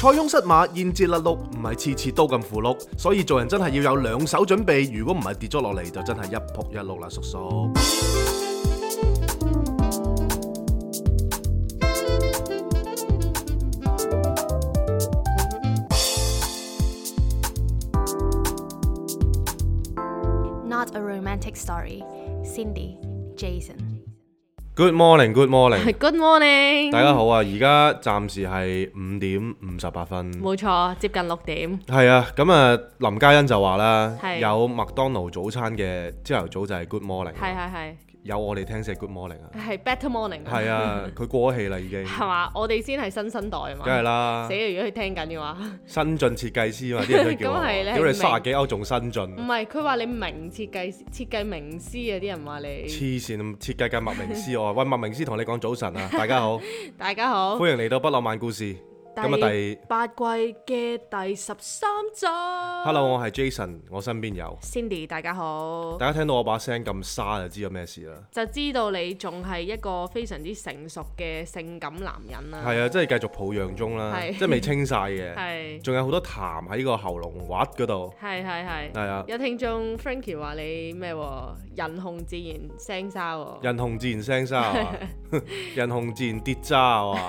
塞翁失馬，焉知甩碌，唔係次次都咁符碌，所以做人真係要有兩手準備。如果唔係跌咗落嚟，就真係一仆一碌啦，叔叔。Not a romantic story. Cindy, Jason. Good morning, good morning，係 Good morning，大家好啊！而家暫時係五點五十八分，冇錯，接近六點。係啊，咁啊，林嘉欣就話啦，有麥當勞早餐嘅朝頭早就係 Good morning。係係係。有我哋聽寫 Good Morning 啊，係 Better Morning 啊，係啊，佢過咗氣啦已經。係嘛， 我哋先係新生代啊嘛，梗係啦。死，如果佢聽緊嘅話，新進設計師啊嘛，啲人再叫我， 你叫我哋卅幾歐仲新進？唔係，佢話你名設計師設計名師啊，啲人話你黐線，設計間麥名師啊，喂，麥名師同你講早晨啊，大家好， 大家好，歡迎嚟到不浪漫故事。咁啊，第八季嘅第十三集。Hello，我係 Jason，我身邊有 Cindy，大家好。大家聽到我把聲咁沙就知有咩事啦？就知道你仲係一個非常之成熟嘅性感男人啦。係啊，即係繼續抱恙中啦，即係未清曬嘅。係。仲有好多痰喺個喉嚨核嗰度。係係係。係啊。有聽眾 Frankie 話你咩？人紅自然聲沙喎。人紅自然聲沙。人紅自然跌渣啊！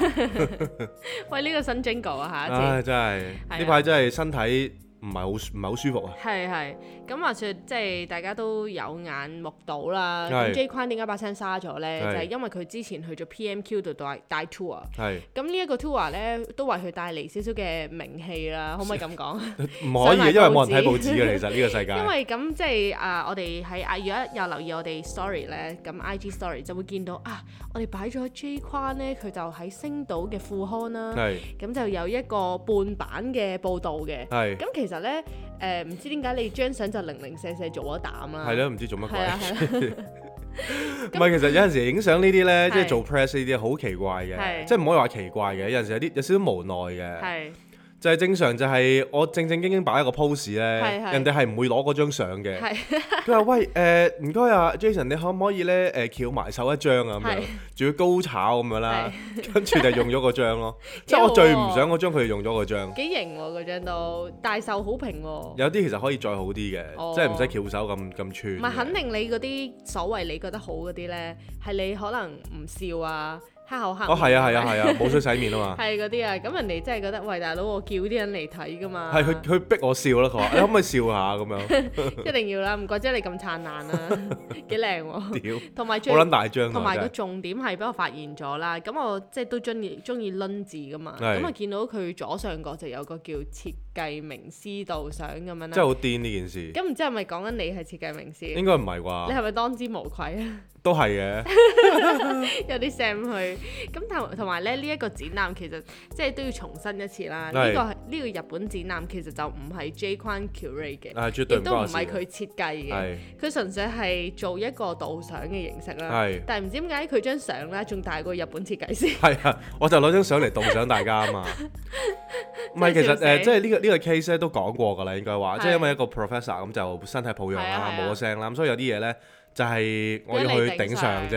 喂，呢個新 Jingle 啊，吓！唉，真係呢排真係身體。唔係好唔係好舒服啊！係係，咁話說，即係大家都有眼目睹啦。咁 J 框點解把聲沙咗咧？就係因為佢之前去咗 PMQ 度帶帶 tour。係咁呢一個 tour 咧，都為佢帶嚟少少嘅名氣啦。可唔可以咁講？唔可以，因為冇人睇報紙嘅其實呢個世界。因為咁即係啊，我哋喺啊，如果又留意我哋 story 咧，咁 IG story 就會見到啊，我哋擺咗 J 框咧，佢就喺星島嘅副刊啦。係咁就有一個半版嘅報導嘅。係咁其實。其實咧，誒、呃，唔知點解你張相就零零舍舍做咗膽啦。係咯的，唔知做乜鬼。唔係，其實有陣時影相呢啲咧，即係是的 做 press 呢啲，好奇怪嘅，即係唔可以話奇怪嘅，有陣時有啲有少少無奈嘅。係。就係正常，就係我正正經經擺一個 pose 咧，是是人哋係唔會攞嗰張相嘅。佢話是是：喂，誒唔該啊，Jason，你可唔可以咧誒翹埋手一張啊，咁樣，仲是是 要高炒咁樣啦。是是跟住就用咗個張咯，即係好、啊、我最唔想嗰張，張，佢就用咗個張。幾型喎嗰張都，大受好評喎。有啲其實可以再好啲嘅，即係唔使翹手咁咁串。唔係肯定你嗰啲所謂你覺得好嗰啲咧，係你可能唔笑啊。黑口黑哦，係啊，係啊，係啊，冇水洗面啊嘛，係嗰啲啊，咁人哋真係覺得，喂，大佬，我叫啲人嚟睇噶嘛，係佢佢逼我笑啦，佢話， 你可唔可以笑下咁樣？ 一定要啦，唔怪之你咁燦爛啦、啊，幾靚喎、啊，屌，同埋撚大張、啊，同埋個重點係俾我發現咗啦，咁的我即係都中意中意撚字噶嘛，咁啊是見到佢左上角就有個叫設計名師導賞咁樣咧、啊，真係好癲呢件事，咁唔知係咪講緊你係設計名師？應該唔係啩？你係咪當之無愧啊？都係嘅，有啲 sam 去咁同同埋咧，呢一個展覽其實即係都要重新一次啦。呢個呢個日本展覽其實就唔係 J. 匡喬瑞嘅，亦都唔係佢設計嘅，佢純粹係做一個導賞嘅形式啦。但唔知點解佢張相咧仲大過日本設計師。係啊，我就攞張相嚟導賞大家啊嘛。唔係，其實誒，即係呢個呢個 case 咧都講過噶啦，應該話即係因為一個 professor 咁就身體抱恙啦，冇咗聲啦，咁所以有啲嘢咧。就係我要去頂上啫，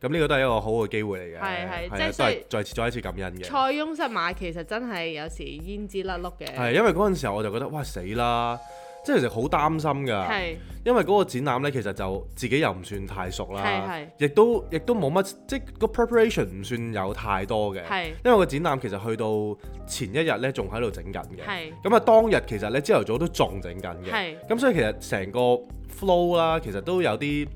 咁呢個都係一個好嘅機會嚟嘅，係係，再次再一次感恩嘅。塞翁失馬其實真係有時煙支甩碌嘅。係因為嗰陣時候我就覺得哇死啦，即係其實好擔心㗎，是因為嗰個展覽呢，其實就自己又唔算太熟啦，亦是都亦都冇乜即係個 preparation 唔算有太多嘅，是因為個展覽其實去到前一日呢，仲喺度整緊嘅，咁啊是當日其實呢朝頭早都仲整緊嘅，咁是所以其實成個。Flow 啦，其實都有啲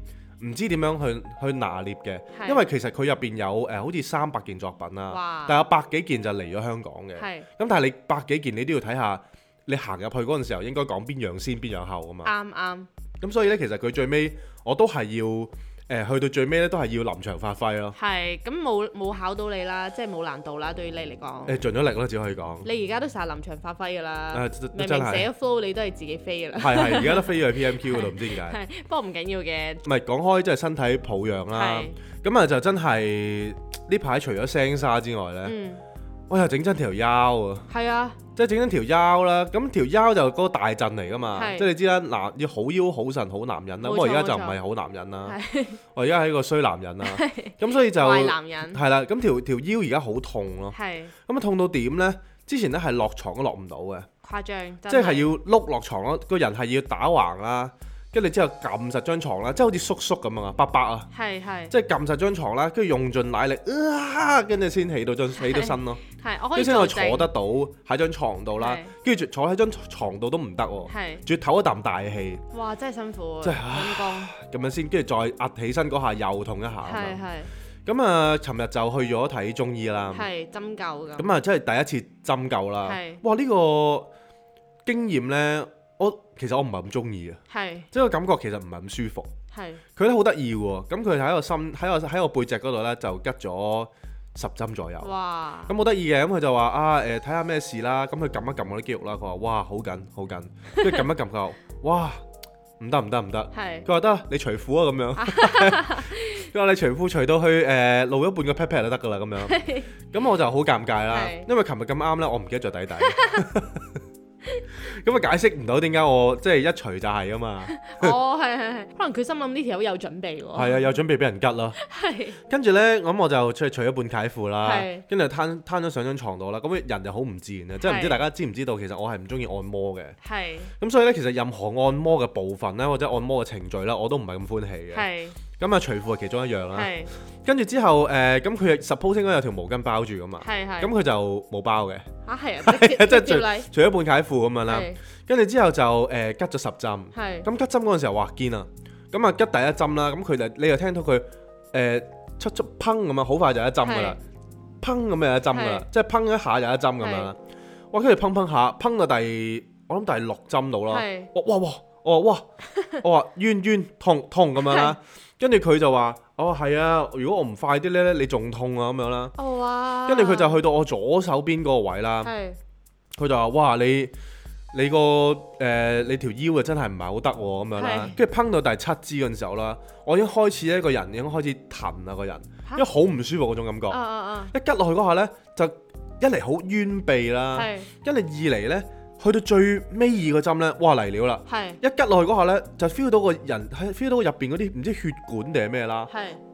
唔知點樣去去拿捏嘅，是因為其實佢入邊有誒好似三百件作品啦，哇但有百幾件就嚟咗香港嘅，咁是但係你百幾件你都要睇下你行入去嗰陣時候應該講邊樣先邊樣後啊嘛，啱啱，咁所以呢，其實佢最尾我都係要。誒去到最尾咧，都係要臨場發揮咯。係，咁冇冇考到你啦，即係冇難度啦，對於你嚟講。誒盡咗力啦，只可以講。你而家都成日臨場發揮噶啦，呃、明明寫 flow 都你都係自己飛噶啦。係係，而家都飛咗去 PMQ 嗰度，唔 是知點解。不過唔緊要嘅。唔係講開，即係身體保養啦。咁啊是，就真係呢排除咗聲沙之外咧。嗯我又整親條腰啊！係啊，即係整親條腰啦。咁條腰就嗰個大陣嚟噶嘛。是即係你知啦，嗱要好腰好神好男人啦。錯我而家就唔係好男人啦。是我而家係一個衰男人啦。咁是所以就係啦。咁 條條腰而家好痛咯。咁啊是痛到點呢？之前咧係落床都落唔到嘅。誇張。即係要碌落床咯，個人係要打橫啦。跟住之後撳實張床啦，即係好似叔叔咁樣啊，八八啊，係係，即係撳實張床啦，跟住用盡奶力，跟住先起到再起到身咯，係，我可以坐得到喺張床度啦，跟住坐喺張床度都唔得喎，仲要唞一啖大氣，哇，真係辛苦，真係，咁樣先，跟住再壓起身嗰下又痛一下，咁啊，尋日就去咗睇中醫啦，係針灸咁，咁啊，即係第一次針灸啦，哇，呢個經驗咧。我其實我唔係咁中意嘅，是即係個感覺其實唔係咁舒服。係，佢都好得意喎，咁佢喺個身喺個喺個背脊嗰度咧就拮咗十針左右。哇！咁好得意嘅，咁佢就話啊誒，睇下咩事啦。咁佢撳一撳我啲肌肉啦，佢話哇好緊好緊，跟住撳一撳，佢話哇唔得唔得唔得。佢話得，你除褲啊咁樣。佢話 你除褲除到去誒、呃、露一半嘅 pat pat 就得㗎啦咁樣。咁 我就好尷尬啦，Okay. 因為琴日咁啱咧，我唔記得着底底。 咁啊 解釋唔到點解我即係、就是、一除就係啊嘛， 哦係係係，可能佢心諗呢條友有準備喎， 係啊有準備俾人拮咯，係 的，跟住咧，我咁我就出嚟除咗半解褲啦，跟住攤攤咗上張床度啦，咁人就好唔自然嘅，的即係唔知大家知唔知道，其實我係唔中意按摩嘅，係的，咁所以咧，其實任何按摩嘅部分咧，或者按摩嘅程序啦，我都唔係咁歡喜嘅，係的。咁啊，除褲係其中一樣啦。跟住之後，誒，咁佢 suppose 應該有條毛巾包住㗎嘛。咁佢就冇包嘅。嚇係啊！即係除咗半解褲咁樣啦。跟住之後就誒，拮咗十針。咁拮針嗰陣時候，哇！堅啊！咁啊拮第一針啦，咁佢就你又聽到佢誒，出出砰咁啊，好快就一針噶啦，砰咁又一針噶啦，即係砰一下又一針咁樣啦。哇！跟住砰砰下，砰到第我諗第六針到啦。係。我哇哇！我話哇！我話冤冤痛痛咁樣啦～跟住佢就話：哦，係啊，如果我唔快啲咧，咧你仲痛啊咁樣啦。哇！跟住佢就去到我左手邊嗰個位啦。佢是就話：哇，你你個誒、呃、你條腰啊，真係唔係好得喎咁樣啦。跟住拮到第七支嗰陣時候啦，我已經開始一個人已經開始疼啊個人，哈因為好唔舒服嗰種感覺。啊啊啊、一拮落去嗰下呢，就一嚟好冤痹啦，是一嚟二嚟呢。去到最尾二個針咧，哇，嚟料啦！係一吉落去嗰下咧，就 feel 到個人，係 feel 到入邊嗰啲唔知血管定係咩啦。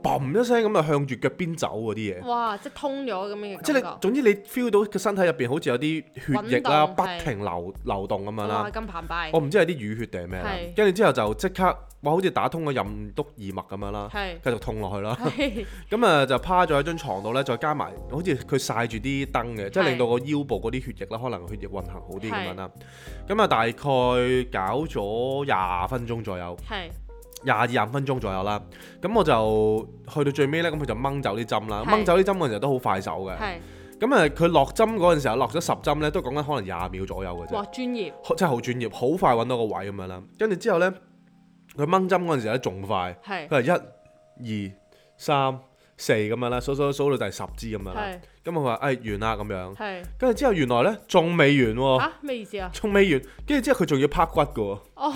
嘣一聲咁啊，向住腳邊走嗰啲嘢，哇！即係通咗咁樣嘅感覺。即係你，總之你 feel 到個身體入邊好似有啲血液啦，不停流流動咁樣啦。咁澎湃。我唔知係啲淤血定咩。跟住之後就即刻，哇！好似打通咗任督二脈咁樣啦。係。繼續痛落去啦。咁啊就趴咗喺張床度咧，再加埋好似佢晒住啲燈嘅，即係令到個腰部嗰啲血液啦，可能血液運行好啲咁樣啦。咁啊大概搞咗廿分鐘左右。係。廿二廿分鐘左右啦，咁我就去到最尾咧，咁佢就掹走啲針啦。掹是走啲針嗰陣時候都好快手嘅。係是。咁誒，佢落針嗰陣時候落咗十針咧，都講緊可能廿秒左右嘅啫。哇！專業，真係好專業，好快揾到個位咁樣啦。跟住之後咧，佢掹針嗰陣時咧仲快。係。佢係一、二、三、四咁樣啦，數數數到就係十支咁樣啦。係。佢我話誒完啦咁樣。跟住是之後原來咧仲未完喎。啊。嚇！咩意思啊？仲未完，跟住之後佢仲要拍骨嘅喎。哦。Oh.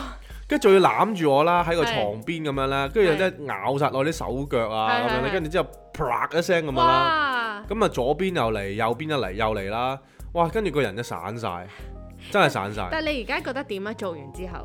跟住仲要攬住我啦，喺個床邊咁樣啦。跟住又即係咬實我啲手腳啊咁樣咧，跟住之後啪一聲咁樣啦，咁啊哇左邊又嚟，右邊又嚟，又嚟啦，哇！跟住個人就散晒，真係散晒。 但係你而家覺得點啊？做完之後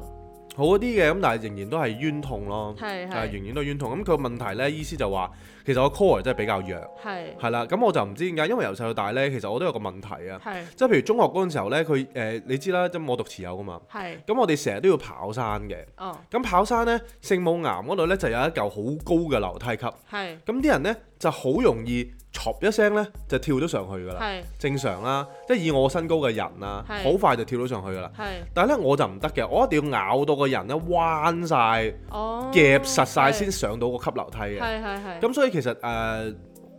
好啲嘅，咁但係仍然都係冤痛咯，係係是，但仍然都係冤痛。咁佢個問題咧，意思就話。其實我 core 真係比較弱，係係啦，咁我就唔知點解，因為由細到大咧，其實我都有個問題啊，即係譬如中學嗰陣時候咧，佢誒你知啦，咁我讀持有㗎嘛，係咁我哋成日都要跑山嘅，哦，咁跑山咧聖母岩嗰度咧就有一嚿好高嘅樓梯級，係咁啲人咧就好容易唰一聲咧就跳咗上去㗎啦，正常啦，即係以我身高嘅人啊，好快就跳咗上去㗎啦，但係咧我就唔得嘅，我一定要咬到個人咧彎晒，哦，夾實晒先上到個級樓梯嘅，咁所以。其實誒、呃，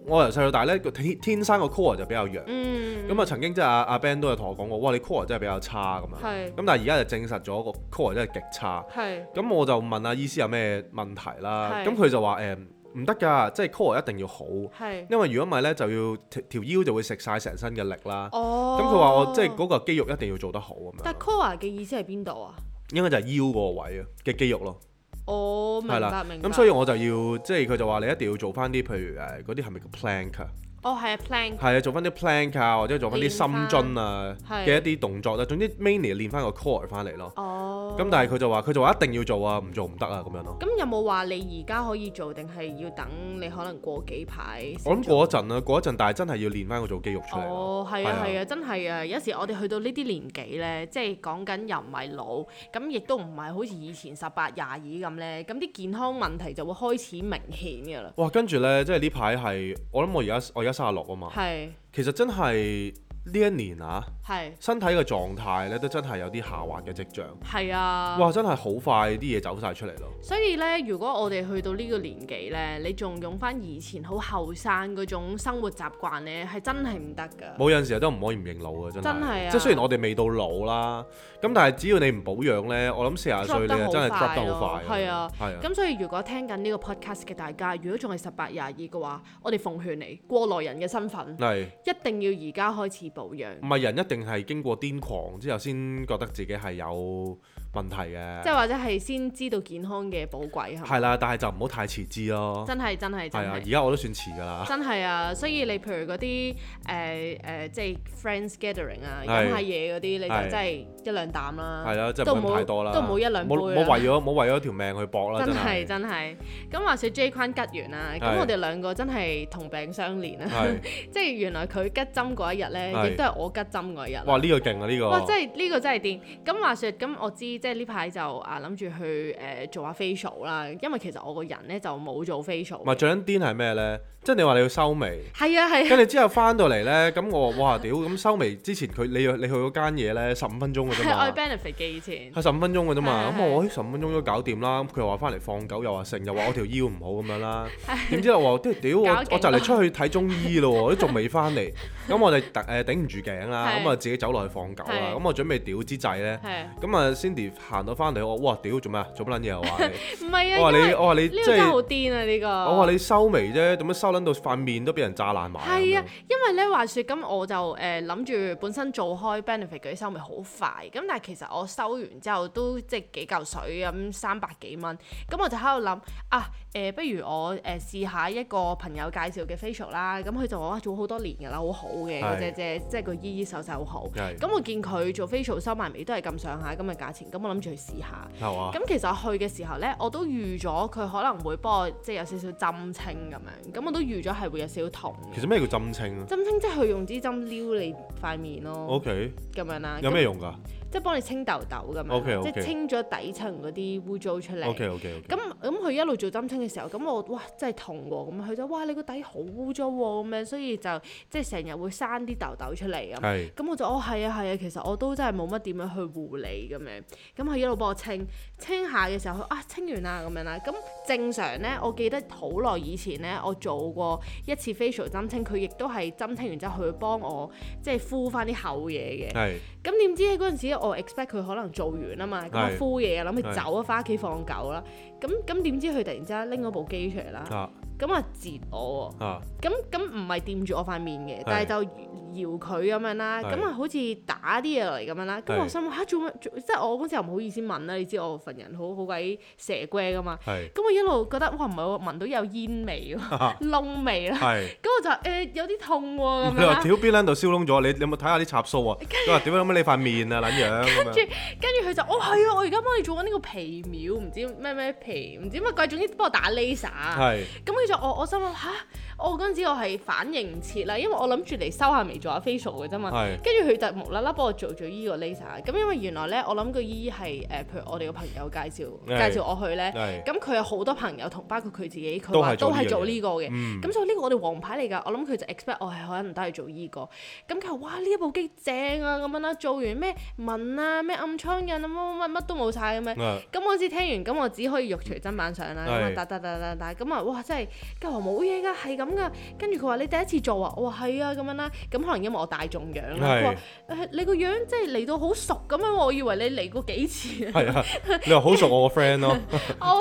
我由細到大咧個天天生個 core 就比較弱。嗯。咁啊，曾經即係阿阿 Ben 都有同我講過，哇！你 core 真係比較差咁樣。係是。咁但係而家就證實咗個 core 真係極差。係是。咁我就問阿醫師有咩問題啦。係是。咁佢就話誒唔得㗎，即係 core 一定要好。是因為如果唔係咧，就要條腰就會食晒成身嘅力啦。哦。咁佢話我即係嗰個肌肉一定要做得好咁樣。但係 core 嘅意思係邊度啊？應該就係腰嗰個位啊嘅肌肉咯。哦，明白，了明白。咁所以我就要，嗯、即係佢就話你一定要做翻啲，譬如誒嗰啲係咪叫 plank？哦，係，oh，啊，plank 係啊，做翻啲 plank 啊，或者做翻啲深蹲啊嘅一啲動作啦，啊。啊，總之，mainly 練翻個 core 翻嚟咯。哦，oh。咁但係佢就話，佢就話一定要做啊，唔做唔得啊咁樣咯，啊。咁有冇話你而家可以做，定係要等你可能過幾排？我諗過一陣啦，啊，過一陣，但係真係要練翻個做肌肉出嚟。哦，係啊，係啊，啊，啊，真係啊！有時我哋去到呢啲年紀咧，即係講緊又唔係老，咁亦都唔係好似以前十八廿二咁咧，咁啲健康問題就會開始明顯㗎啦。哇！跟住咧，即係呢排係我諗我而家我而家。卅六啊嘛，係其實真係呢一年啊。係是身體嘅狀態咧，都真係有啲下滑嘅跡象。係啊！哇，真係好快啲嘢走晒出嚟咯。所以咧，如果我哋去到呢個年紀咧，你仲用翻以前好後生嗰種生活習慣咧，係真係唔得㗎。冇，有陣時都唔可以唔認老啊，真係。真係啊！即係雖然我哋未到老啦，咁但係只要你唔保養咧，我諗四十歲咧真係 drop 得好快。係啊，係。咁所以如果聽緊呢個 podcast 嘅大家，如果仲係十八廿二嘅話，我哋奉勸你，過來人嘅身份係是一定要而家開始保養。唔係人一定係經過癲狂之後，先覺得自己係有問題嘅，即係或者係先知道健康嘅寶貴係啦，但係就唔好太遲知咯。真係真係，係啊！而家我都算遲㗎啦。真係啊，所以你譬如嗰啲誒誒，即係 friends gathering 啊，飲下嘢嗰啲，你就真係一兩啖啦。係啦，真係唔好太多啦，都唔好一兩杯。冇冇為咗冇為咗條命去搏啦！真係真係。咁話説 J 坤拮完啦，咁我哋兩個真係同病相憐啊！即係原來佢拮針嗰一日咧，亦都係我拮針嗰一日。哇！呢個勁啊！呢個哇！真係呢個真係掂。咁話説，咁我知。即係呢排就啊諗住去誒做下 facial 啦，因為其實我個人咧就冇做 facial，咪最癲係咩咧？即係你話你要收眉，係啊係。跟住、啊、之後翻到嚟咧，咁我話哇屌，咁收眉之前佢你你去嗰間嘢咧，十五分鐘㗎啫嘛。愛 Benefit 嘅以前係十五分鐘㗎啫嘛。咁是我誒十五分鐘都搞掂啦。佢又話翻嚟放狗又，又話成，又話是是 我條腰唔好咁樣啦。點知是我話屌我就嚟出去睇中醫咯喎，都仲未翻嚟。咁我哋誒頂唔住頸啦，咁啊自己走落去放狗啦。咁我準備屌之際咧，咁啊 Cindy。行到翻嚟，我哇屌，做咩啊？做乜撚嘢啊你？唔係 啊，我話你為我話你真係好癲啊呢個！是我話你收眉啫，點樣收撚到塊面都俾人炸爛埋？係啊，樣因為咧話説，咁我就誒諗住本身做開 benefit 嗰啲收眉好快，咁但係其實我收完之後都即係幾嚿水咁、嗯、三百幾蚊，咁我就喺度諗啊誒、呃，不如我誒、呃、試下一個朋友介紹嘅 facial 啦，咁佢就話哇做好多年㗎啦，好好嘅，即係即係即係個姨姨手勢好好，咁的我見佢做 facial 收埋尾都係咁上下咁嘅價錢咁。我諗住去試下，咁係啊，其實我去嘅時候咧，我都預咗佢可能會幫我即係有少少針清咁樣，咁我都預咗係會有少少痛嘅。其實咩叫針清啊？針清即係佢用支針撩你塊面咯。OK，咁樣啦。有咩用噶？然後即係幫你清痘痘咁樣，okay, okay, 即係清咗底層嗰啲污糟出嚟。咁咁佢一路做針清嘅時候，咁我哇真係痛喎！咁佢就哇你個底好污糟喎咁樣，所以就即係成日會生啲痘痘出嚟咁。咁是我就哦係啊係啊，啊，其實我都真係冇乜點樣去護理咁樣。咁佢一路幫我清清下嘅時候，佢啊清完啦咁樣啦。咁正常咧，我記得好耐以前咧，我做過一次 facial 針清，佢亦都係針清完之後，佢會幫我即係敷翻啲厚嘢嘅。咁點是知嗰陣時我、oh, expect 佢可能做完啊嘛，咁對敷嘢，諗住對走對啊，翻屋企放狗啦。咁咁點知佢突然之間拎嗰部機出嚟啦。咁啊，截我喎，咁咁唔係掂住我塊面嘅，但係就搖佢咁樣啦，咁啊好似打啲嘢嚟咁樣啦，咁我心諗嚇做乜？即係我嗰時又唔好意思問啦，你知我份人好好鬼蛇龜噶嘛，咁我一路覺得哇唔係我聞到有煙味喎，燶味啦，咁我就誒有啲痛喎，你話條鼻撚度燒燶咗？你有冇睇下啲插數啊？佢話點解咁你塊面啊撚樣？跟住跟住佢就哦係啊，我而家幫你做緊呢個皮秒，唔知咩咩皮，唔知乜鬼，總之幫我打 Laser，咁我我心諗嚇，我嗰陣時我係反應唔切啦，因為我諗住嚟收下眉做阿 Facial 嘅啫嘛。跟住佢就無啦啦幫我做咗依個 Laser。咁因為原來咧，我諗個依係誒，譬如我哋個朋友介紹介紹我去咧。咁佢有好多朋友同包括佢自己，佢話都係做呢個嘅。咁所以呢個我哋王牌嚟㗎。我諗佢就 expect 我係可能都係做依個。咁佢話：哇，呢一部機正啊！咁樣啦，做完咩紋啊，咩暗瘡印啊，乜乜乜乜都冇晒咁樣。咁我陣時聽完，咁我只可以肉除砧板上啦。咁啊，打打打打打，咁啊，哇！真係～佢話冇嘢㗎，係咁噶。跟住佢話你第一次做啊，我話係啊咁樣啦。咁可能因為我大眾樣啦。佢話誒你個樣即係嚟到好熟咁樣，我以為你嚟過幾次。係啊，你話好熟我個 friend 咯，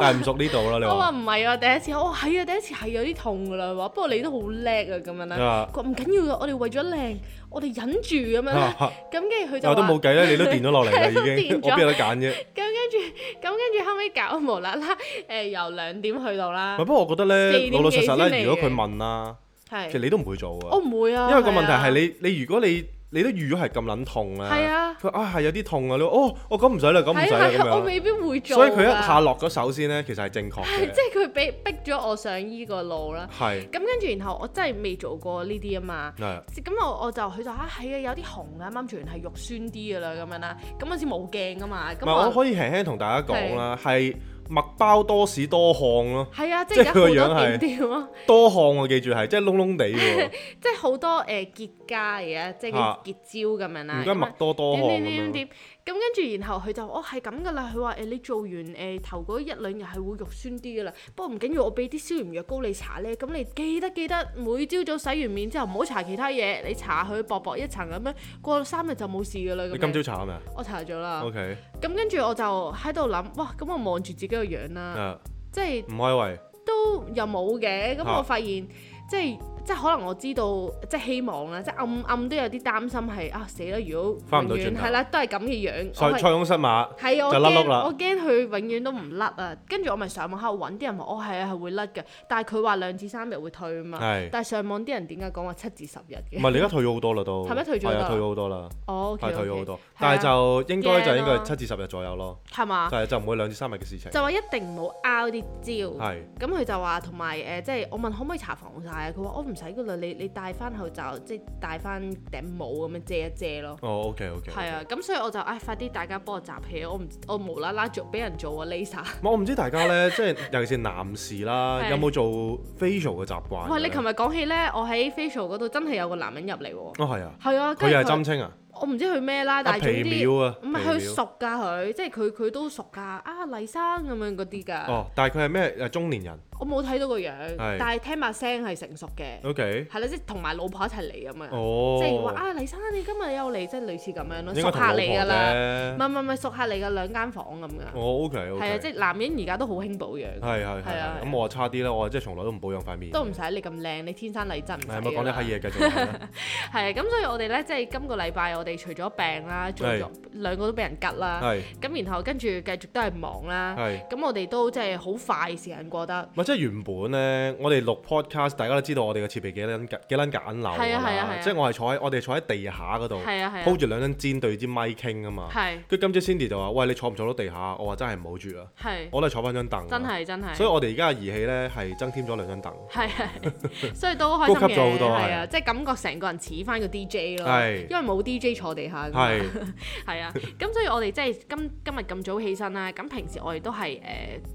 但係唔熟呢度啦。你話唔係啊，第一次我話係啊，第一次係有啲痛㗎啦。話不過你都好叻啊咁樣啦。唔緊要啦，我哋為咗靚，我哋忍住咁樣啦。咁跟住佢就話都冇計啦，你都變咗落嚟啦已經。變咗，我邊有得揀啫？咁跟住咁跟住後尾搞無啦啦誒，由兩點去到啦。唔係，不過我覺得咧。老老實實咧，如果佢問啦，其實你都唔會做嘅。我唔會啊，因為個問題係你你，如果你你都預咗係咁撚痛咧，係啊，佢話係有啲痛啊，你話哦，我咁唔使啦，咁唔使咁樣。我未必會做。所以佢一下落咗手先咧，其實係正確嘅。即係佢俾逼咗我上依個路啦。係。咁跟住然後我真係未做過呢啲啊嘛。係。咁我我就佢就話係啊，有啲紅啦，啱啱做完係肉酸啲嘅啦，咁樣啦。咁嗰時冇鏡嘅嘛。咁我可以輕輕同大家講啦，係。麥包多屎多汗咯、啊，係啊，即係佢個樣係多汗我、啊、 記住係，即係窿窿地喎，即係好多誒結痂嚟嘅，即係叫結焦咁樣啦，而家因為 麥多多汗咁咁跟住，然後佢就哦，係咁噶啦。佢話誒，你做完誒、呃、頭嗰一兩日係會肉酸啲噶啦，不過唔緊要，我俾啲消炎藥膏你搽咧。咁你記得記得每朝早洗完面之後唔好搽其他嘢，你搽佢薄薄一層咁樣，過三日就冇事噶啦。你今朝搽啊未啊？我搽咗啦。OK。咁跟住我就喺度諗，哇！咁我望住自己個樣啦，uh, 即係唔開胃都又冇嘅。咁我發現、uh. 即係。即係可能我知道，即係希望啦，即係暗暗都有啲擔心係啊，死啦！如果翻唔到轉頭係啦，都係咁嘅樣。塞塞翁失馬係啊！我驚我驚佢永遠都唔甩啊！跟住我咪上網喺度揾啲人話，哦係啊，係會甩嘅，但係佢話兩至三日會退啊嘛。係，但係上網啲人點解講話七至十日嘅？唔係，你而家退咗好多啦都。係咪退咗退咗好多啦？哦，退咗好多。但係就應該就應該係七至十日左右咯。係嘛？就唔會兩至三日嘅事情。就話一定唔好 out 啲招。咁佢就話同埋誒，即係我問可唔可以搽防曬啊？佢話我。唔使噶啦，你你戴翻口罩，即係戴翻頂帽咁樣遮一遮咯。哦，OK OK。係啊，咁所以我就唉，快啲大家幫我集氣咯。我唔我無啦啦做俾人做個 laser。我唔知大家咧，即係尤其是男士啦，有冇做 facial 嘅習慣？喂！你琴日講起咧，我喺 facial 嗰度真係有個男人入嚟喎。啊，係啊。係啊。佢又針清啊？我唔知佢咩啦，但係總之。阿皮廟啊。唔係佢熟噶，佢即係佢佢都熟噶，啊黎生咁樣嗰啲噶。哦，但係佢係咩？誒，中年人。我冇睇到個樣，但係聽把聲係成熟嘅。OK，係啦，即係同埋老婆一齊嚟咁樣，即係話啊，黎生你今日又嚟，即係類似咁樣咯。熟客嚟㗎啦，唔係唔係唔係熟客嚟嘅兩間房咁嘅。我 OK，係啊，即係男人而家都好興保養。係啊，咁我話差啲啦，我即係從來都唔保養塊面。都唔使你咁靚，你天生麗質唔係幾好。係咪講啲閪嘢繼續？係啊，咁所以我哋咧即係今個禮拜我哋除咗病啦，仲有兩個都俾人拮啦，咁然後跟住繼續都係忙啦，咁我哋都即係好快時間過得。即原本咧，我哋錄 podcast，大家都知道我哋嘅設備幾撚幾撚簡陋啊！即係我係坐喺我哋坐喺地下嗰度，鋪住兩張氈對支咪傾啊嘛。跟住今朝 Cindy 就話：「喂，你坐唔坐到地下？我話真係唔好住啊！我都係坐翻張凳。真係真係。所以我哋而家嘅儀器咧係增添咗兩張凳。係所以都開心啲。係啊，即係感覺成個人似翻個 DJ 咯。因為冇 DJ 坐地下。係啊，咁所以我哋即係今今日咁早起身啦。咁平時我哋都係誒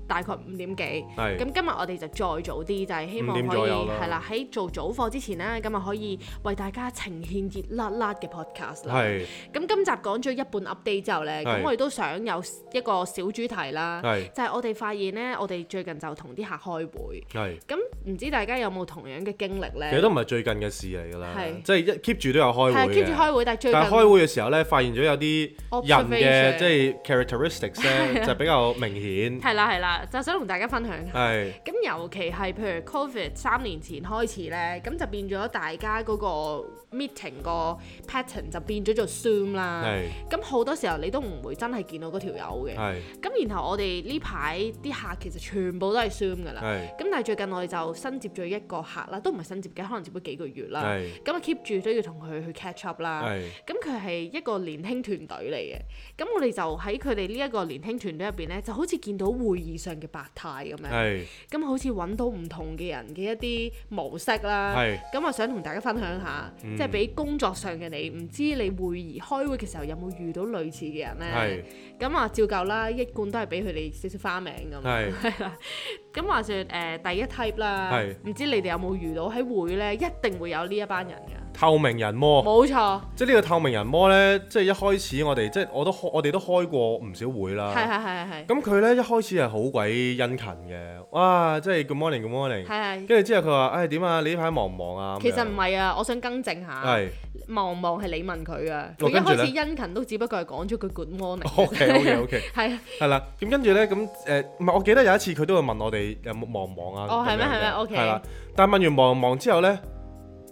大概五點幾。咁今日我。我哋就再早啲，就係希望可以係啦。喺做早課之前咧，咁啊可以為大家呈現熱辣辣嘅 podcast 啦。係。咁今集講咗一半 update 之後咧，咁我哋都想有一個小主題啦。係。就係我哋發現咧，我哋最近就同啲客開會。係。咁唔知大家有冇同樣嘅經歷咧？其實都唔係最近嘅事嚟㗎啦。係。即係一 keep 住都有開會嘅。keep 住開會，但係最近開會嘅時候咧，發現咗有啲人嘅即係 characteristics 咧，就比較明顯。係啦，係啦，就想同大家分享。係。咁尤其係譬如 Covid 三年前開始呢，咁就變咗大家嗰個 meeting 個 pattern 就變咗做 zoom 啦，咁好是多時候你都唔會真係見到嗰條友嘅，咁是然後我哋呢排啲客其實全部都係 zoom 噶啦，咁是但係最近我哋就新接咗一個客啦，都唔係新接嘅，可能接咗幾個月啦，咁啊 keep 住都要同佢去 catch up 啦，咁佢係一個年輕團隊嚟嘅，咁我哋就喺佢哋呢一個年輕團隊入邊呢，就好似見到會議上嘅百態咁樣，咁是好似揾到唔同嘅人嘅一啲模式啦，咁啊是想同大家分享下，嗯。即係俾工作上嘅你，唔知你會議開會嘅時候有冇遇到類似嘅人呢？咁啊是，照舊啦，一貫都係俾佢哋少少花名咁。咁是 話説誒、呃，第一 type 啦，唔是知你哋有冇遇到喺會呢，一定會有呢一班人嘅。透明人魔，冇錯。即係呢個透明人魔咧，即係一開始我哋即係我都我哋都開過唔少會啦。係係係係係。咁佢咧一開始係好鬼殷勤嘅，哇！即係 Good morning，Good morning。係係。跟住之後佢話：唉點啊？你呢排忙唔忙啊？其實唔係啊，我想更正下。係。忙唔忙係你問佢啊？我更正啦。一開始殷勤都只不過係講咗句 Good morning。OK OK OK。係。係啦。咁跟住咧，咁誒，唔係我記得有一次佢都會問我哋有冇忙唔忙啊？哦係咩係咩？OK。係啦，但問完忙唔忙之後咧。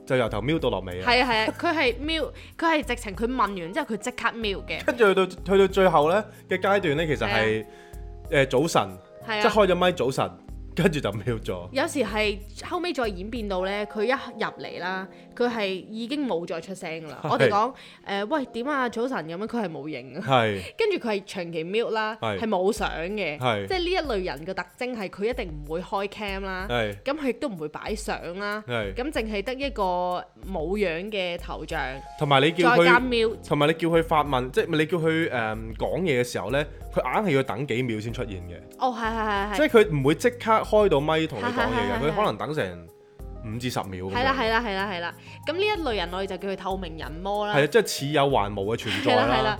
就由頭瞄到落尾啊！ 係啊係啊，佢係瞄，佢係直情佢問完之後佢即刻瞄嘅。跟住去到去到最後咧嘅階段咧，其實係誒早晨，即開咗麥早晨。的跟住就 mute 咗。有時係後尾再演變到咧，佢一入嚟啦，佢係已經冇再出聲啦。我哋講誒喂，點啊早晨，咁樣，佢係冇影。係。跟住佢係長期 mute 啦，係冇相嘅。係。即係呢一類人嘅特徵係佢一定唔會開 cam 啦。係。咁佢亦都唔會擺相啦。係。咁淨係得一個冇樣嘅頭像。同埋你叫佢。再加 mute。同埋你叫佢發問，即係咪你叫佢誒講嘢嘅時候咧？佢硬係要等幾秒先出現嘅。哦，係係係係。即係佢唔會即刻開到咪同你講嘢嘅，佢可能等成五至十秒。係啦係啦係啦係啦。咁呢一類人我哋就叫佢透明人魔啦。係啊，即係似有還無嘅存在啦。係啦係啦。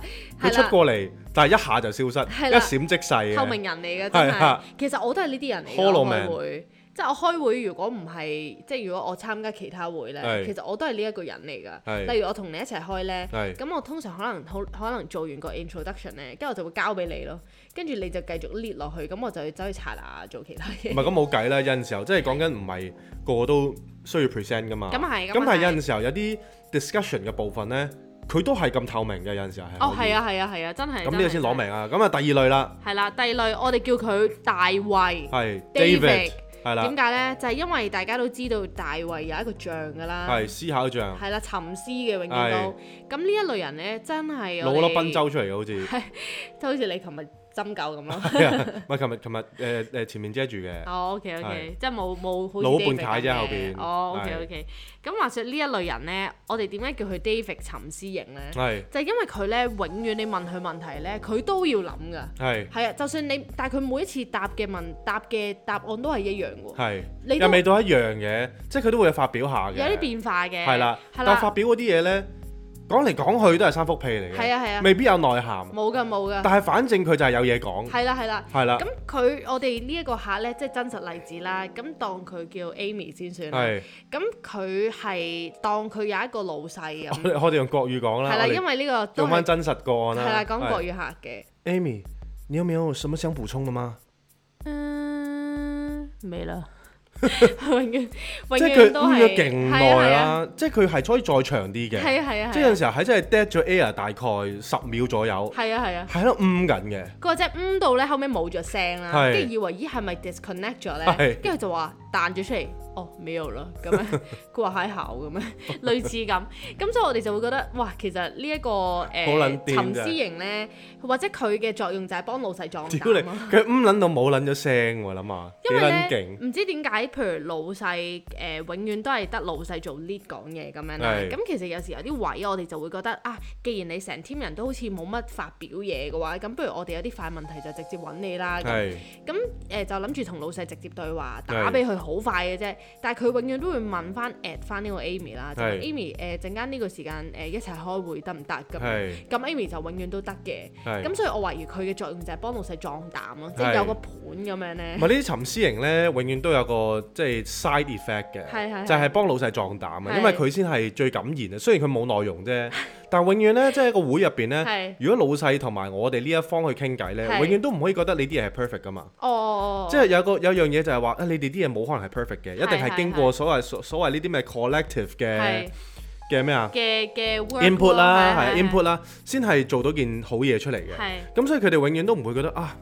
佢出過嚟，但係一下就消失，一閃即逝啊！透明人嚟嘅真係。其實我都係呢啲人嚟嘅，可能會。即係我開會，如果唔係，即係如果我參加其他會咧，其實我都係呢一個人嚟噶。例如我同你一齊開咧，咁我通常可能好可能做完個 introduction 咧，跟住我就會交俾你咯。跟住你就繼續列落去，咁我就要走去查啊，做其他嘢。唔係咁冇計啦，有陣時候即係講緊唔係個個都需要 present 噶嘛。咁啊係。咁但係有陣時候有啲 discussion 嘅部分咧，佢都係咁透明嘅，有陣時候係。哦係啊係啊係啊，真係。咁呢個先攞命啊！咁啊第二類啦。係啦，第二類我哋叫佢大衛。係。David。係點解咧？就係、是、因為大家都知道大衛有一個像㗎啦，係思考像，係啦，沉思嘅永遠都咁呢的一類人咧，真係攞粒賓周出嚟嘅好似，即好似你琴日。針灸咁咯，唔係，琴日琴日誒誒前面遮住嘅，哦 OK OK，即係冇冇好似老半曬啫後邊，哦 OK OK，咁話説呢一類人咧，我哋點解叫佢 David 沉思型咧？係就係因為佢咧，永遠你問佢問題咧，佢都要諗㗎，係係啊，就算你，但係佢每一次答嘅問答嘅答案都係一樣喎，係又未到一樣嘅，即係佢都會有發表下嘅，有啲變化嘅，係啦係啦，但發表嗰啲嘢咧。講嚟講去都係三幅屁嚟嘅，係啊係啊，未必有內涵。冇㗎冇㗎。但係反正佢就係有嘢講。係啦係啦。係啦。咁佢我哋呢一個客咧，即係真實例子啦。咁當佢叫 Amy 先算係。咁佢係當佢有一個老細啊。我哋用國語講啦。係啦，因為呢個講翻真實個案啦。係啦，講國語客嘅。Amy，你有冇有什麼想補充嘅嗎？嗯，冇啦。永遠，永遠都嗯，佢勁耐啦，即係佢係可以再長啲嘅，係啊係啊，即係有陣時候喺真係 dead 咗 air，大概十秒左右，係啊係啊，係咯，嗯緊嘅，嗰隻嗯到咧，後尾冇咗聲啦，跟住以為咦係咪 disconnect 咗咧，跟住就話。彈咗出嚟，哦，冇啦，咁樣，佢話喺校，咁樣，類似咁，咁所以我哋就會覺得，哇，其實呢一個誒沉思型咧，或者佢嘅作用就係幫老細壯膽。佢唔撚到冇撚咗聲我諗下。因為咧，唔知點解，譬如老細誒，永遠都係得老細做 lead 講嘢咁樣啦。咁其實有時有啲位，我哋就會覺得啊，既然你成 team 人都好似冇乜發表嘢嘅話，咁不如我哋有啲快問題就直接揾你啦。咁，咁就諗住同老細直接對話，打俾佢。好快嘅啫，但係佢永遠都會問翻 add 翻呢個 Amy 啦，就係 Amy 誒陣間呢個時間誒一齊開會得唔得咁？咁 Amy 就永遠都得嘅。咁所以我懷疑佢嘅作用就係幫老細壯膽咯，即係有個盤咁樣咧。唔係呢啲沉思營咧，永遠都有個即係 side effect 嘅，就係幫老細壯膽啊！因為佢先係最敢言啊。雖然佢冇內容啫，但永遠咧即係喺個會入邊咧，如果老細同埋我哋呢一方去傾偈咧，永遠都唔可以覺得你啲嘢係 perfect 噶嘛。哦，即係有個有樣嘢就係話，你哋啲嘢冇。可能係 perfect 嘅，一定係經過所謂所是所謂呢啲咩 collective 嘅嘅咩啊嘅嘅 input 啦，係是 input 啦，先係是做到件好嘢出嚟嘅。咁是是 所以佢哋永遠都唔會覺得啊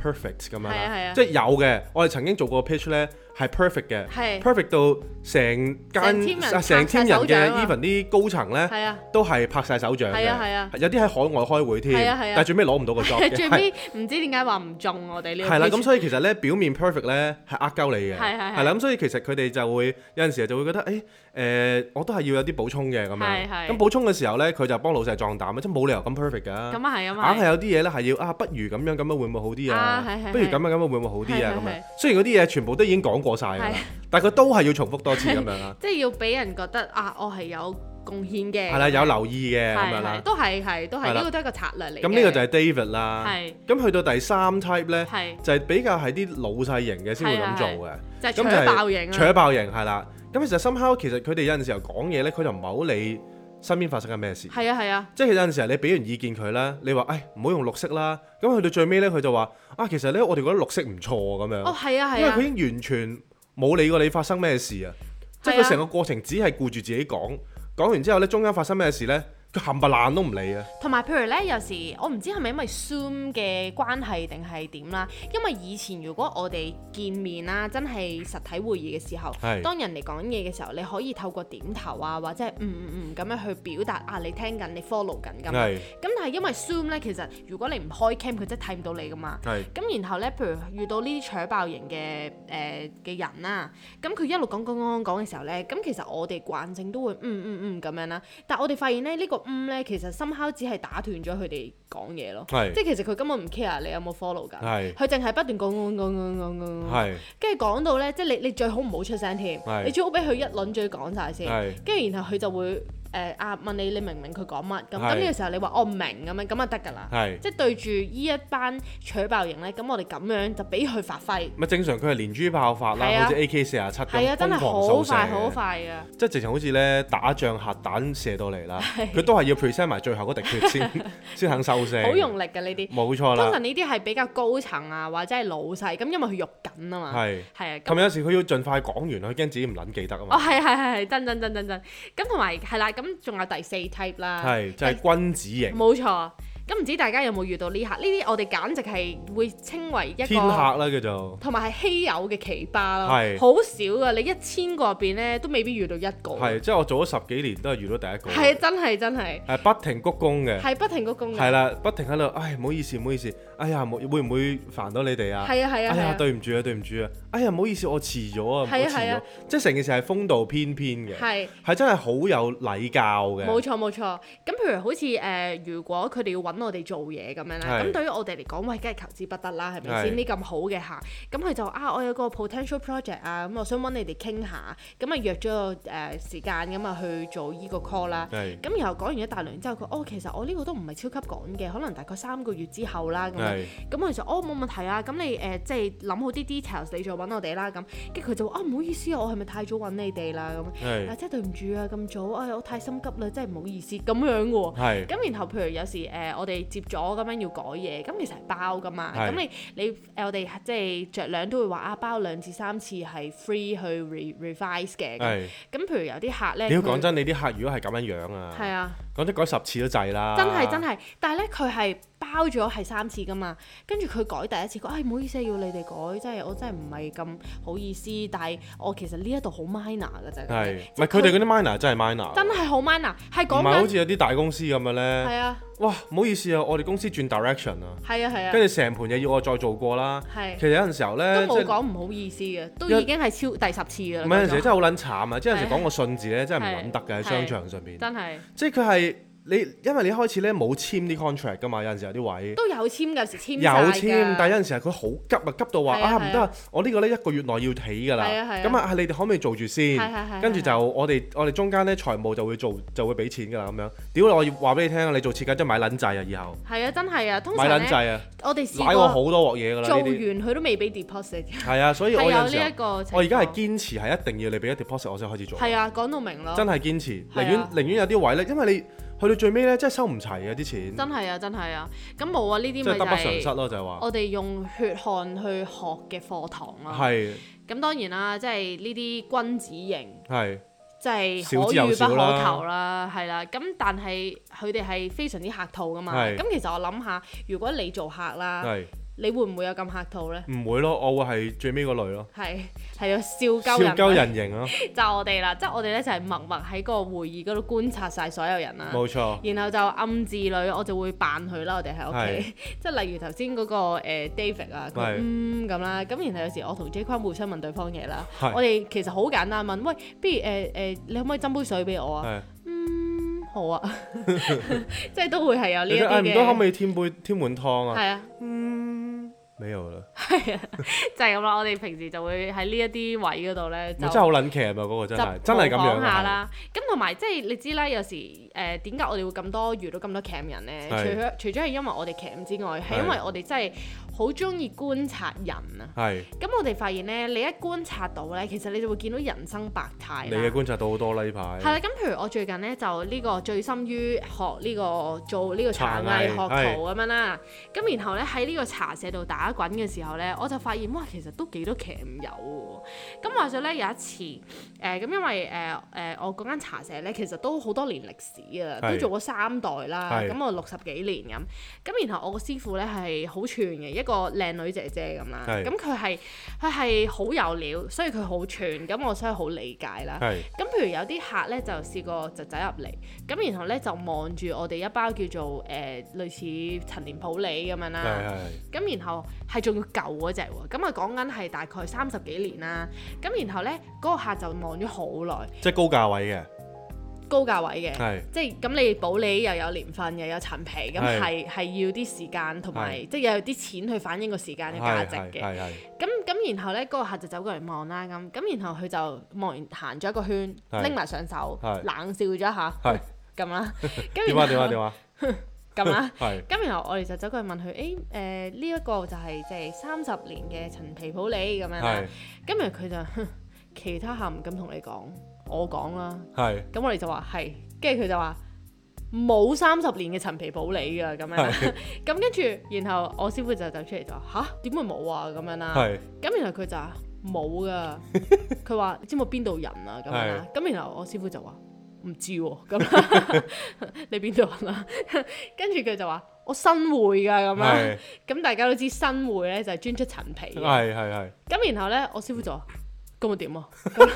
，perfect 咁樣，是是是即係有嘅。我哋曾經做過 pitch 咧。係 perfect 嘅，perfect 到成間啊成千人嘅 even 啲高層咧，都係拍晒手掌，係啊係啊，有啲喺海外開會添，係啊係啊，但係最尾攞唔到個 job 嘅，最尾唔知點解話唔中我哋呢個係啦，咁所以其實咧表面 perfect 咧係呃鳩你嘅，係係啦，咁所以其實佢哋就會有陣時就會覺得誒誒我都係要有啲補充嘅咁樣，咁補充嘅時候咧，佢就幫老細壯膽即係冇理由咁 perfect 噶。咁啊係啊嘛，係有啲嘢咧係要啊不如咁樣咁樣會唔會好啲啊，不如咁樣咁樣會唔會好啲啊咁啊，雖然嗰啲嘢全部都已經講過晒，但係佢都係要重複多次咁樣啦，即係要俾人覺得啊，我係有貢獻嘅，係啦，有留意嘅咁樣啦，都係係都係呢個都係個策略嚟。咁呢個就係 David 啦，係，咁去到第三 type 咧，係就係比較係啲老細型嘅先會咁做嘅，咁就係爆型影啊，除咗爆型係啦，咁其實 somehow 其實佢哋有陣時候講嘢咧，佢就唔係好理。身邊發生緊咩事？係啊係啊，啊即係其實有陣時候你俾完意見佢啦，你話唉，唔好用綠色啦，咁去到最尾咧佢就話啊，其實咧我哋覺得綠色唔錯咁樣。哦，係啊係啊，因為佢已經完全冇理過你發生咩事啊，即係佢成個過程只係顧住自己講講完之後咧，中間發生咩事咧？佢冚唪爛都唔理啊！同埋，譬如咧，有時我唔知係咪因為 Zoom 嘅關係定係點啦？因為以前如果我哋見面啦、啊，真係實體會議嘅時候，是當人哋講嘢嘅時候，你可以透過點頭啊，或者嗯嗯嗯咁樣去表達啊，你聽緊，你 follow 緊咁。咁是但係因為 Zoom 咧，其實如果你唔開 cam，佢真係睇唔到你噶嘛。咁是然後咧，譬如遇到呢啲搶爆型嘅誒嘅人啦、啊，咁佢一路講講講講嘅時候咧，咁其實我哋慣性都會嗯嗯嗯咁、嗯、樣啦。但我哋發現咧，呢、呢個唔咧，其實深烤只係打斷咗佢哋講嘢咯，即係是其實佢根本唔 care 你有冇 follow 㗎，佢淨係不斷講講講講講講，跟住講到咧，即係你你最好唔好出聲添，你最好俾佢是一輪嘴講晒先，跟住是然後佢就會。誒啊問你，你明唔明佢講乜？咁咁，呢個時候你話我唔明，咁樣咁啊得㗎啦，即係對住呢一班取爆型咧，咁我哋咁樣就俾佢發揮。咪正常佢係連珠炮發啦，好似 AK 四廿七咁，瘋狂射。係啊，真係好快好快啊。即係直情好似咧打仗核彈射到嚟啦，佢都係要 present 埋最後嗰滴血先，先肯收聲。好用力㗎呢啲，冇錯啦。通常呢啲係比較高層啊，或者係老細，咁因為佢肉緊啊嘛。係。係啊。同埋有時佢要盡快講完，佢驚自己唔撚記得啊嘛。哦係係係係，真真真真真。咁同埋係啦咁。咁仲有第四 type 啦，係就係君子型，冇錯。咁唔知大家有冇遇到呢客？呢啲我哋簡直係會稱為一個天客啦，叫做，同埋係稀有嘅奇葩咯，係好少噶。你一千個入邊咧，都未必遇到一個。係即係我做咗十幾年，都係遇到第一個。係真係真係，係不停鞠躬嘅，係不停鞠躬嘅，係啦，不停喺度。唉，唔好意思，唔好意思。哎呀，冇會唔會煩到你哋啊？係啊係啊係啊，對唔住啊對唔住啊。哎呀唔好意思，我遲咗啊，係啊係啊，即係成件事係風度翩翩嘅，係係是真係好有禮教嘅，冇錯冇錯，咁譬如好似誒、呃、如果佢哋要揾我哋做嘢咁樣咧，咁是對於我哋嚟講喂梗係求之不得啦，係咪先啲咁好嘅客？咁佢就啊，我有個 potential project 啊，咁、嗯、我想揾你哋傾下，咁啊約咗個誒時間咁啊去做依個 call 啦。係咁，然後講、呃、是完一大輪之後佢哦，其實我呢個都唔係超級趕嘅，可能大概三個月之後啦。係咁，我其實哦冇問題啊，咁你誒即係諗好啲 details，你再我哋啦咁，跟住佢就話啊唔好意思啊，我係咪太早揾你哋啦咁？啊真係的、嗯就是、對唔住啊，咁早啊、哎、我太心急啦，真係唔好意思咁樣嘅、啊、喎。咁，是的 然後譬如有時誒、呃，我哋接咗咁樣要改嘢，咁其實係包嘅嘛。咁是的 你你誒、呃，我哋即係着兩都會話啊，包兩至三次係 free 去 revise 嘅。係咁，譬如有啲客咧。屌，講真，你啲客如果係咁樣樣啊。係啊。講得改十次都滯啦！真係真係，但係咧佢係包咗係三次㗎嘛，跟住佢改第一次，佢誒唔好意思要你哋改，真係我真係唔係咁好意思，但係我其實呢一度好 minor 㗎啫。係，唔係佢哋嗰啲 minor 真係 minor。真係好 minor，係講唔係好似有啲大公司咁嘅咧。係啊。哇，唔好意思啊，我哋公司轉 direction 啊，係啊係啊，跟住成盤嘢要我再做過啦。係，其實有陣時候咧都冇講唔好意思嘅，都已經係超第十次啦。有陣時真係好撚慘啊，即係有陣時講個信字咧，真係唔揾得嘅喺商場上邊。真係，即係佢係。你因為你開始咧冇簽啲 contract 㗎嘛，有陣時有啲位都有簽㗎，有時簽有簽，但係有陣時係佢好急啊，急到話啊唔得，啊，我呢個咧一個月內要起㗎啦。咁啊你哋可唔可以做住先？跟住就我哋我哋中間咧財務就會做就會俾錢㗎啦咁樣。屌！我要話俾你聽啊，你做設計即係買撚制啊以後。係啊，真係啊，通常咧我哋試過好多鑊嘢㗎啦。做完佢都未俾 deposit。係啊，所以我有一個。我而家係堅持係一定要你俾一 deposit 我先開始做。係啊，講到明咯。真係堅持，寧願寧願有啲位咧，因為你。去到最尾咧，真係收唔齊啊啲錢！真係啊，真係啊，咁冇啊，呢啲咪得不償失咯，就係話。我哋用血汗去學嘅課堂啦。係。咁當然啦，即係呢啲君子型。係。即係可遇不可求啦，係啦。咁但係佢哋係非常之客套噶嘛。係。咁其實我諗下，如果你做客啦。係。你會唔會有咁客套咧？唔會咯，我會係最尾個女咯。係係個笑鳩笑鳩人形啊！就我哋啦，即係我哋咧就係默默喺個會議嗰度觀察晒所有人啦。冇錯。然後就暗字女我就會扮佢啦，我哋喺屋企，即係例如頭先嗰個 David 啊，咁咁啦。咁然後有時我同 J K 互相問對方嘢啦，我哋其實好簡單問，喂，不如誒誒，你可唔可以斟杯水俾我啊？嗯，好啊。即係都會係有呢一啲嘅。唔該，可唔可以添杯添碗湯啊？係啊。咩嘢啦？係啊，就係咁啦。我哋平時就會喺呢一啲位嗰度咧， 就真係好撚 kam 啊！嗰、嗰個真係就真係咁樣。下啦，咁同埋即係你知啦，有時誒點解我哋會咁多遇到咁多 kam 人咧的？除咗除咗係因為我哋 kam 之外，係的因為我哋真係。好中意觀察人啊！係的，咁我哋發現咧，你一觀察到咧，其實你就會見到人生百態啦。你嘅觀察到好多啦呢排。係啦，咁譬如我最近咧就呢個醉心於學呢個做呢個茶藝學徒咁樣啦。咁然後咧喺呢個茶社度打滾嘅時候咧，我就發現哇，其實都幾多騎呢友喎。咁話説咧有一次，誒、呃、咁因為誒誒、呃呃、我嗰間茶社咧其實都好多年歷史啊，的都做咗三代啦，咁的我六十幾年咁。咁然後我個師傅咧係好串嘅一個靚女姐姐咁啦，咁佢係佢係好有料，所以佢好串，咁我所以好理解啦。咁是譬如有啲客呢，就試過走入嚟，咁然後呢，就望住我哋一包叫做誒、呃、類似陳年普洱咁樣啦，咁然後係仲要舊嗰隻喎，咁啊講緊係大概三十幾年啦，咁然後呢，嗰、嗰個客就望咗好耐，即係高價位嘅。高價位嘅，即係咁你普洱又有年份又有陳皮，咁係係要啲時間同埋，即係有啲錢去反映個時間嘅價值嘅。咁咁然後呢，嗰個客就走過嚟望啦，咁咁然後佢就望完行咗一個圈，拎埋上手，冷笑咗一下，咁啦。點啊點啊點啊！咁啦，係。咁然後我哋就走過去問佢，誒誒呢一個就係即係三十年嘅陳皮普洱咁樣啦。咁然佢就，其他客唔敢同你講。我講啦，係咁是我哋就話係，跟住佢就話冇三十年嘅陳皮保你噶咁樣、啊，咁跟住然後我師傅就走出嚟就話吓，點會冇啊咁、啊、樣啦、啊，咁然後佢就話冇噶，佢話你知唔知邊度人啊咁樣啊，咁、啊、然後我師傅就話唔知喎，咁你邊度人啊？跟住佢就話我新會噶咁樣、啊，咁 大家都知新會咧就係專出陳皮，係係係，咁然後咧我師傅就。咁點啊？跟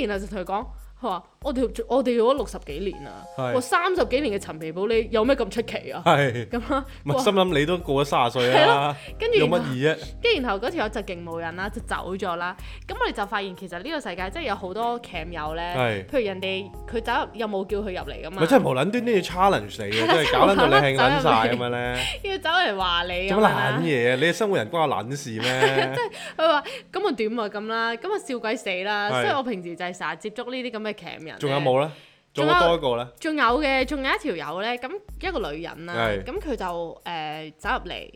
住然後就同佢講。佢話：我條我哋用咗六十幾年啊，我三十幾年嘅陳皮玻你有咩咁出奇啊？係咁啊！心諗你都過咗卅歲啦，跟住有乜跟住然後嗰條友就勁無癮啦，就走咗啦。咁我哋就發現其實呢個世界真係有好多鉛友咧，譬如人哋佢走入，有冇叫佢入嚟㗎嘛？咪真係無撚端啲 challenge 嚟嘅，真係搞撚到你係撚曬咁樣咧。要走嚟話你做乜撚嘢啊？你係生活人關我撚事咩？即係佢話：咁我點啊咁啦？咁我笑鬼死啦！所以我平時就係成日接觸呢啲咁嘅人，仲有冇咧？仲有多一個咧？仲有嘅，仲有,有一條友咧，咁一個女人啦，咁佢的就誒、呃、走入嚟。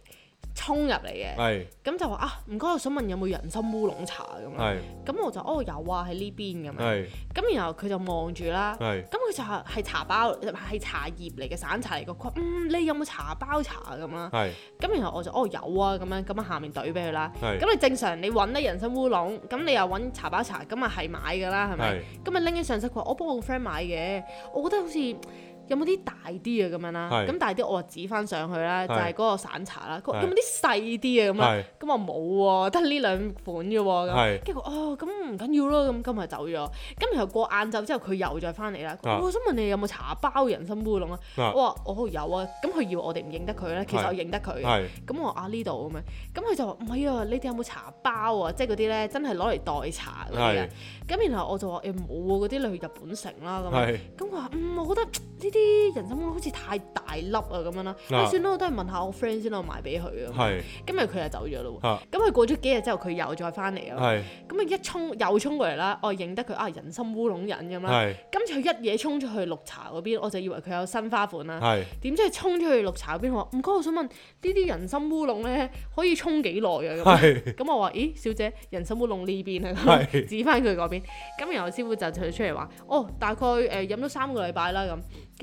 衝入嚟嘅，咁就話啊，唔該，問我想問有冇人參烏龍茶咁樣，咁是我就哦有啊喺呢邊咁樣，咁是然後佢就望住啦，咁佢是就係茶包，係茶葉嚟嘅散茶嚟嘅，佢話嗯你有冇茶包茶咁啦，咁是然後我就哦有啊咁樣，咁啊下面懟俾佢啦，咁你是正常你揾得人參烏龍，咁你又揾茶包茶，咁咪係買㗎啦，係咪？咁咪拎起上手，佢話我幫我個 friend 買嘅，我覺得好似。有冇啲大啲嘅咁樣啦？咁大啲我話指翻上去啦，就係嗰個散茶啦。佢有冇啲細啲嘅咁啊？咁我冇喎，得呢兩款啫喎。係，跟住哦，咁唔緊要咯。咁今日走咗。咁然後過晏晝之後佢又再翻嚟啦。我想問你有冇茶包、人參烏龍啊？我話哦有啊。咁佢以為我哋唔認得佢咧，其實我認得佢。係，咁我話啊呢度咁樣。咁佢就話唔係啊，呢啲有冇茶包啊？即係嗰啲咧真係攞嚟代茶嗰啲。係，咁然後我就話誒冇喎，嗰啲類日本城啦咁。咁佢話嗯，我覺得啲人參烏龍好似太大粒啊咁樣啦，唉、啊、算啦，我都係問下我 friend 先咯，賣俾佢嘅。是今日佢又走咗咯喎，咁佢、啊、過咗幾日之後，佢又再翻嚟是啊。咁佢一衝又衝過嚟啦，我認得佢啊，人參烏龍人咁啦。樣是今次佢一嘢衝出去綠茶嗰邊，我就以為佢有新花款啦。係是，點知佢衝出去綠茶嗰邊，我話唔該，我想是問呢啲人參烏龍咧可以沖幾耐啊？咁，咁我話咦，小姐人參烏龍呢邊啊？指翻佢嗰邊。咁然後師傅就佢出嚟話，哦大概誒飲咗三個禮拜啦咁。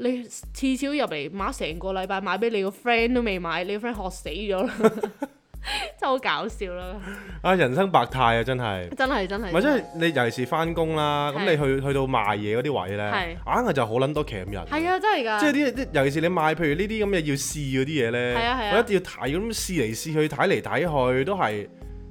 你至少入嚟買成個禮拜，買俾你個 friend 都未買，你個 friend 學死咗啦， 真係好搞笑啦！啊，人生百態啊，真係，真係真係。唔係真係的你尤其是翻工啦，咁你去是去到賣嘢嗰啲位咧，硬係是就好撚多攬人、啊。係啊，真係㗎。即係啲尤其是你賣譬如呢啲咁嘅要試嗰啲嘢咧，啊啊、我一定要睇咁，試嚟試去睇嚟睇去都係。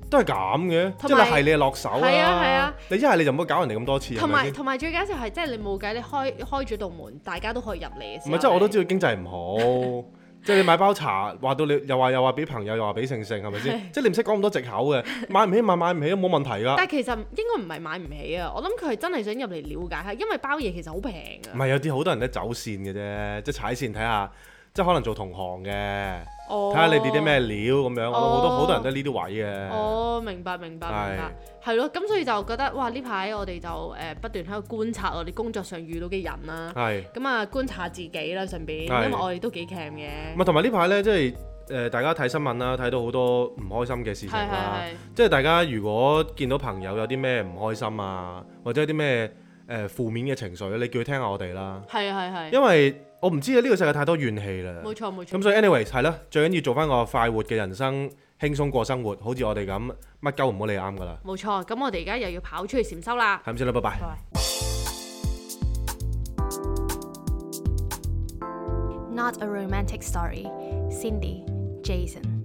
都係咁嘅，有即係你係你落手啊！啊係啊，啊你一係你就唔好搞人哋咁多次。同埋同埋最搞笑係，即係你冇計，你開開咗道門，大家都可以入嚟嘅。唔係是，即係我都知道經濟唔好， 即係你買包茶話到你又話又話俾朋友又話俾盛盛係咪先？是是 即係你唔識講咁多藉口嘅，買唔起咪買唔起都冇問題噶。但係其實應該唔係買唔起啊，我諗佢係真係想入嚟了解下，因為包嘢其實好平㗎。唔係有啲好多人都走線嘅啫，即係踩線睇下。即係可能做同行嘅，睇下、oh, 你哋啲咩料咁樣，我好、oh. 多好多人都呢啲位嘅。哦、oh,，明白明白是明白，係咯，咁所以就覺得哇！呢排我哋就誒不斷喺度觀察我哋工作上遇到嘅人啦，係咁啊，觀察自己啦，順便是因為我哋都幾強嘅。唔係同埋呢排咧，即係誒大家睇新聞啦，睇到好多唔開心嘅事情啦，是是是是即係大家如果見到朋友有啲咩唔開心啊，或者有啲咩誒負面嘅情緒，你叫佢聽下我哋啦。係啊係係，因為。我唔知啊，呢個世界太多怨氣啦。冇錯冇錯。咁所以 anyway 係啦。最緊要做翻個快活嘅人生，輕鬆過生活，好似我哋咁，乜鳩唔好，你啱噶啦。冇錯，咁我哋而家又要跑出去禪修啦。係咁先啦，拜拜。Bye. Not a romantic story. Cindy, Jason.